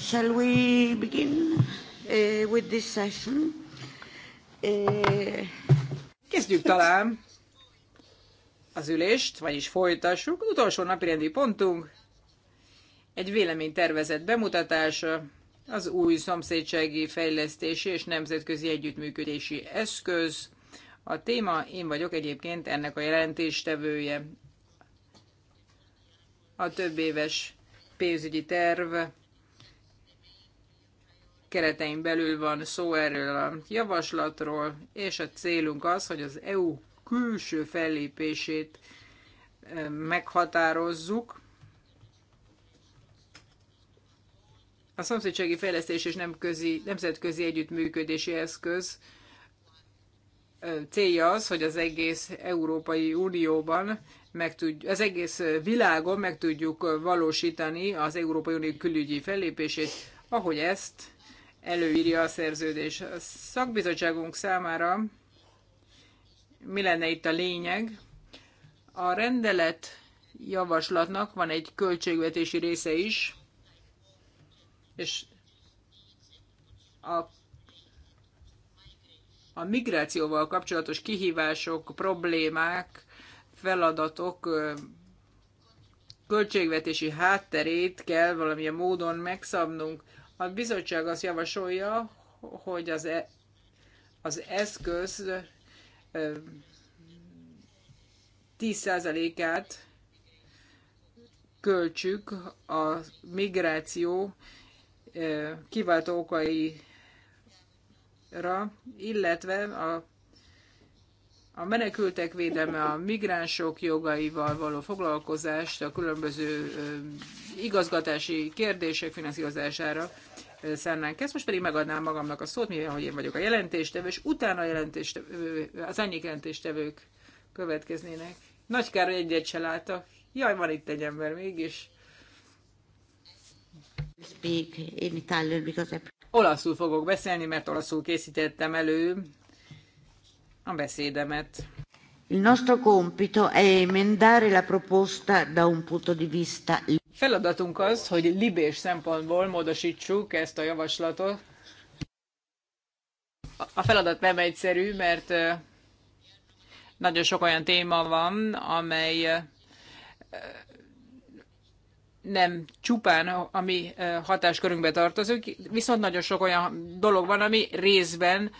Shall we begin uh, with this session? Uh... Kezdjük talán az ülést, vagyis folytassuk. Az utolsó napirendi pontunk egy véleménytervezet bemutatása, az új szomszédsági fejlesztési és nemzetközi együttműködési eszköz. A téma, én vagyok egyébként ennek a jelentéstevője. A több éves pénzügyi terv keretein belül van szó erről a javaslatról, és a célunk az, hogy az EU külső fellépését meghatározzuk. A szomszédsági fejlesztés és nem közi, nemzetközi együttműködési eszköz célja az, hogy az egész Európai Unióban meg tud, az egész világon meg tudjuk valósítani az Európai Unió külügyi fellépését, ahogy ezt előírja a szerződés. A szakbizottságunk számára mi lenne itt a lényeg? A rendelet javaslatnak van egy költségvetési része is, és a, a migrációval kapcsolatos kihívások, problémák, feladatok költségvetési hátterét kell valamilyen módon megszabnunk. A bizottság azt javasolja, hogy az, e, az eszköz 10%-át költsük a migráció kiváltó okaira, illetve a a menekültek védelme, a migránsok jogaival való foglalkozást, a különböző igazgatási kérdések finanszírozására szánnánk ezt. Most pedig megadnám magamnak a szót, mivel hogy én vagyok a jelentéstevő, és utána a jelentéstevő, az ennyi jelentéstevők következnének. Nagy kár, hogy egyet se láttak. Jaj, van itt egy ember mégis. Speak Olaszul fogok beszélni, mert olaszul készítettem elő a beszédemet. Il nostro compito è emendare la proposta da un punto di vista... Feladatunk az, hogy libés szempontból módosítsuk ezt a javaslatot. A feladat nem egyszerű, mert nagyon sok olyan téma van, amely nem csupán a mi hatáskörünkbe tartozik, viszont nagyon sok olyan dolog van, ami részben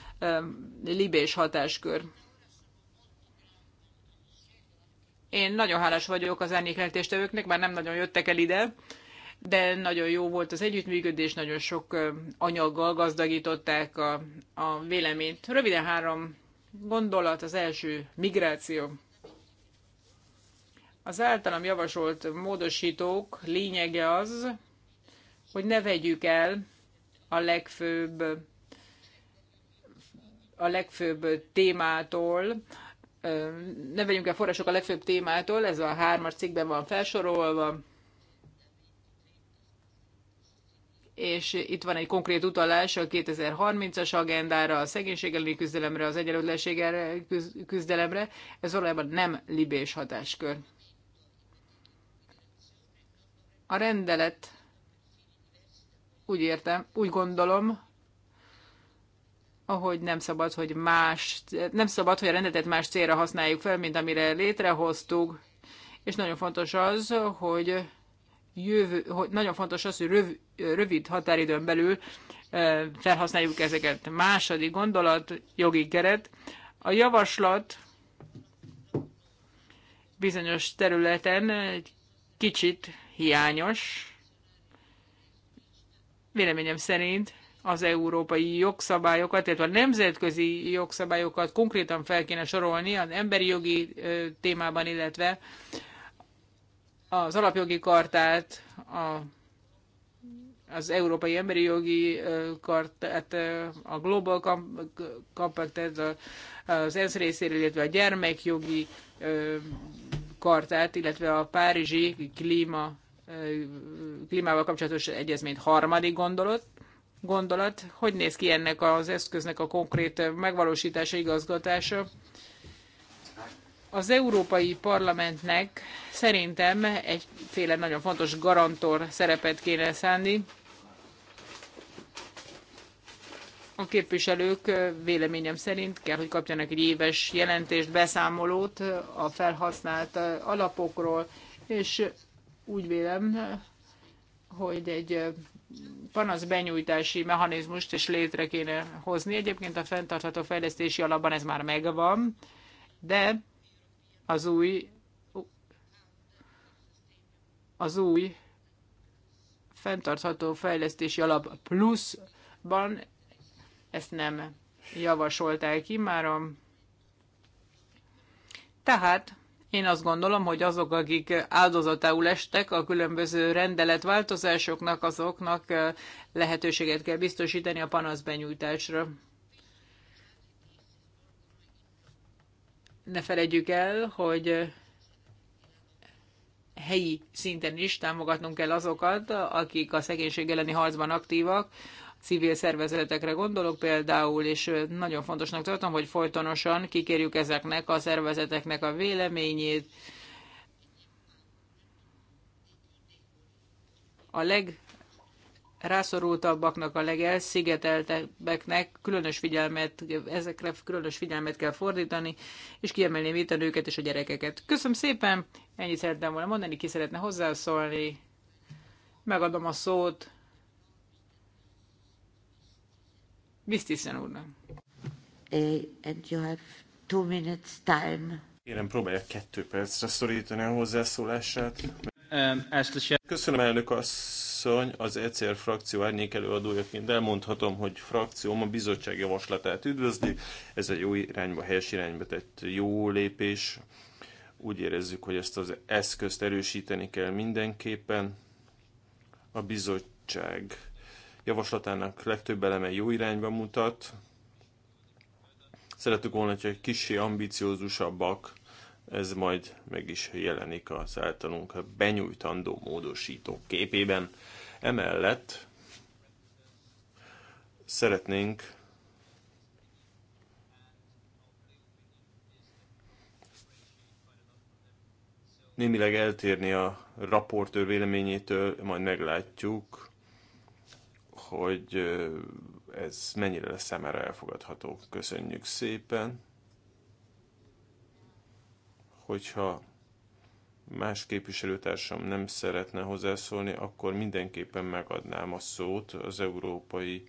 libés hatáskör. Én nagyon hálás vagyok az árnyékletéstevőknek, már nem nagyon jöttek el ide, de nagyon jó volt az együttműködés, nagyon sok anyaggal gazdagították a, a véleményt. Röviden három gondolat, az első migráció. Az általam javasolt módosítók lényege az, hogy ne vegyük el a legfőbb, a legfőbb témától, ne vegyünk el források a legfőbb témától, ez a hármas cikkben van felsorolva, és itt van egy konkrét utalás a 2030-as agendára, a szegénység elleni küzdelemre, az egyenlőtlenség küzdelemre, ez valójában nem libés hatáskör. A rendelet, úgy értem, úgy gondolom, ahogy nem szabad, hogy más, nem szabad, hogy a rendetet más célra használjuk fel, mint amire létrehoztuk, és nagyon fontos az, hogy jövő, hogy nagyon fontos az, hogy röv, rövid határidőn belül e, felhasználjuk ezeket. Második gondolat, jogi keret. A javaslat bizonyos területen egy kicsit hiányos. Véleményem szerint az európai jogszabályokat, illetve a nemzetközi jogszabályokat konkrétan fel kéne sorolni az emberi jogi témában, illetve az alapjogi kartát, a, az Európai Emberi Jogi Kartát, a Global compact az ENSZ részéről, illetve a gyermekjogi kartát, illetve a Párizsi klíma klímával kapcsolatos egyezményt harmadik gondolat, gondolat. Hogy néz ki ennek az eszköznek a konkrét megvalósítása, igazgatása? Az Európai Parlamentnek szerintem egyféle nagyon fontos garantor szerepet kéne szánni. A képviselők véleményem szerint kell, hogy kapjanak egy éves jelentést, beszámolót a felhasznált alapokról, és úgy vélem, hogy egy panasz benyújtási mechanizmust is létre kéne hozni. Egyébként a fenntartható fejlesztési alapban ez már megvan, de az új az új fenntartható fejlesztési alap pluszban ezt nem javasolták ki imárom. Tehát én azt gondolom, hogy azok, akik áldozatául estek a különböző rendeletváltozásoknak, azoknak lehetőséget kell biztosítani a benyújtásra. Ne felejtjük el, hogy helyi szinten is támogatnunk kell azokat, akik a szegénység elleni harcban aktívak, civil szervezetekre gondolok például, és nagyon fontosnak tartom, hogy folytonosan kikérjük ezeknek a szervezeteknek a véleményét. A legrászorultabbaknak, a legelszigeteltebbeknek különös figyelmet, ezekre különös figyelmet kell fordítani, és kiemelném itt a nőket és a gyerekeket. Köszönöm szépen, ennyit szerettem volna mondani, ki szeretne hozzászólni. Megadom a szót Biztisen úrnak. And you have two minutes time. Kérem, próbálja kettő percre szorítani a hozzászólását. Um, Köszönöm, elnök asszony, az ECR frakció árnyék előadójaként elmondhatom, hogy frakcióm a bizottság javaslatát üdvözli. Ez egy jó irányba, helyes irányba tett jó lépés. Úgy érezzük, hogy ezt az eszközt erősíteni kell mindenképpen. A bizottság javaslatának legtöbb eleme jó irányba mutat. Szeretük volna, hogy egy kicsi ambiciózusabbak, ez majd meg is jelenik az általunk benyújtandó módosító képében. Emellett szeretnénk némileg eltérni a raportőr véleményétől, majd meglátjuk, hogy ez mennyire lesz számára elfogadható. Köszönjük szépen! Hogyha más képviselőtársam nem szeretne hozzászólni, akkor mindenképpen megadnám a szót az Európai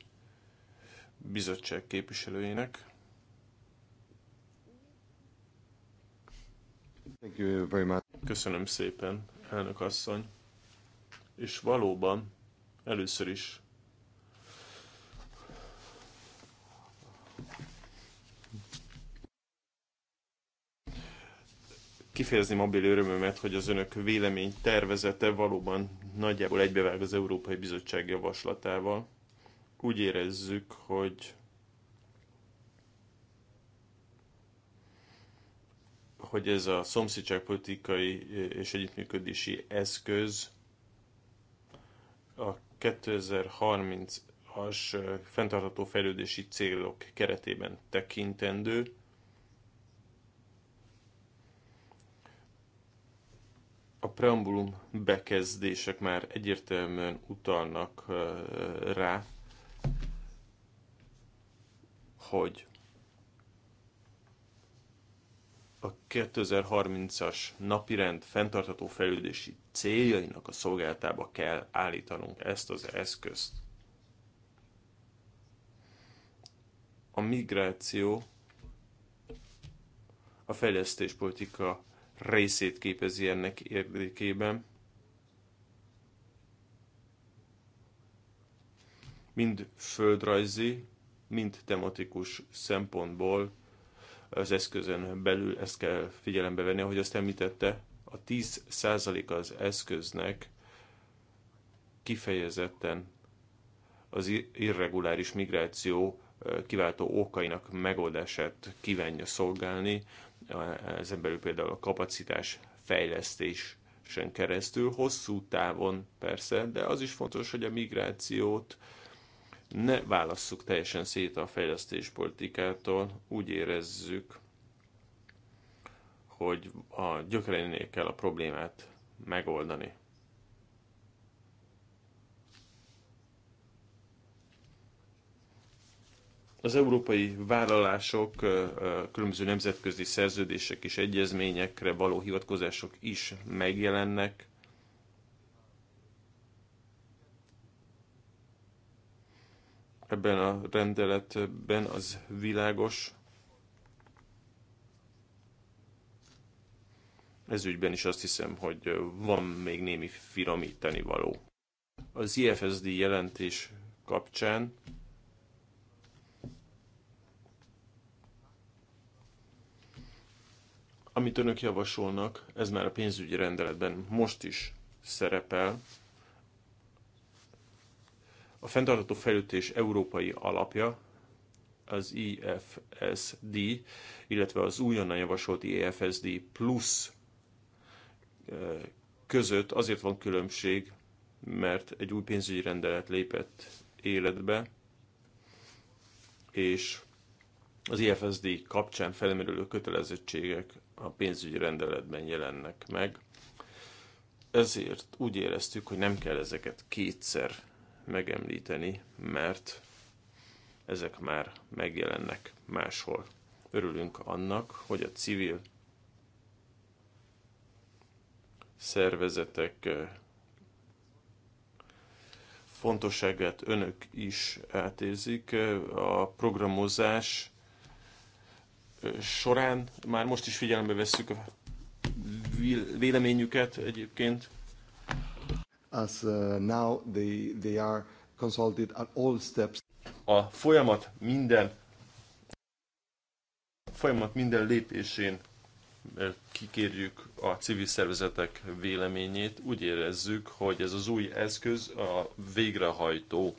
Bizottság képviselőjének. Thank you very much. Köszönöm szépen, elnök asszony. És valóban először is kifejezni mobil örömömet, hogy az önök vélemény tervezete valóban nagyjából egybevág az Európai Bizottság javaslatával. Úgy érezzük, hogy hogy ez a szomszédságpolitikai eh, és együttműködési eszköz a 2030-as eh, fenntartható fejlődési célok keretében tekintendő, a preambulum bekezdések már egyértelműen utalnak rá, hogy a 2030-as napirend fenntartható fejlődési céljainak a szolgáltába kell állítanunk ezt az eszközt. A migráció a fejlesztéspolitika részét képezi ennek érdekében. Mind földrajzi, mind tematikus szempontból az eszközön belül ezt kell figyelembe venni, ahogy azt említette, a 10% az eszköznek kifejezetten az irreguláris migráció kiváltó okainak megoldását kívánja szolgálni, ezen belül például a kapacitás fejlesztésen keresztül, hosszú távon persze, de az is fontos, hogy a migrációt ne válasszuk teljesen szét a fejlesztéspolitikától, úgy érezzük, hogy a gyökerénél kell a problémát megoldani. Az európai vállalások, különböző nemzetközi szerződések és egyezményekre való hivatkozások is megjelennek. Ebben a rendeletben az világos, ez ügyben is azt hiszem, hogy van még némi finomítani való. Az IFSD jelentés kapcsán Amit önök javasolnak, ez már a pénzügyi rendeletben most is szerepel. A fenntartható fejlődés európai alapja, az IFSD, illetve az újonnan javasolt IFSD plusz eh, között azért van különbség, mert egy új pénzügyi rendelet lépett életbe, és az IFSD kapcsán felmerülő kötelezettségek a pénzügyi rendeletben jelennek meg. Ezért úgy éreztük, hogy nem kell ezeket kétszer megemlíteni, mert ezek már megjelennek máshol. Örülünk annak, hogy a civil szervezetek eh, fontosságát önök is átérzik. Eh, a programozás során már most is figyelembe vesszük a véleményüket egyébként. As uh, now they, they are consulted at all steps. A folyamat minden a folyamat minden lépésén eh, kikérjük a civil szervezetek véleményét. Úgy érezzük, hogy ez az új eszköz a végrehajtó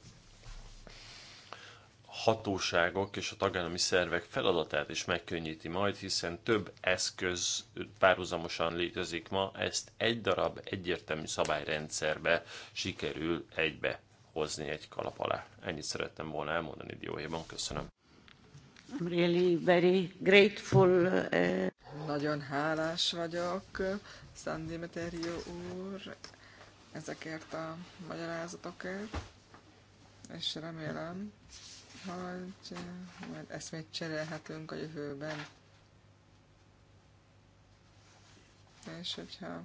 hatóságok és a tagállami szervek feladatát is megkönnyíti majd, hiszen több eszköz párhuzamosan létezik ma, ezt egy darab egyértelmű szabályrendszerbe sikerül egybe hozni egy kalap alá. Ennyit szerettem volna elmondani dióhéjban. Köszönöm. I'm really very grateful. Uh, Nagyon hálás vagyok, Szandi Dimeterio úr, ezekért a magyarázatokért, és remélem, mert ezt még cserélhetünk a jövőben. És hogyha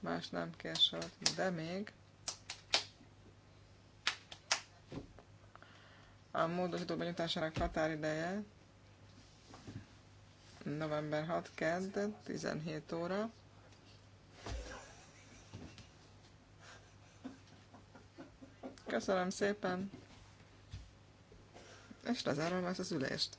más nem kér sort, de még a módosító benyújtásának határideje november 6 kedd 17 óra. Köszönöm szépen! és lezárom ezt az ülést.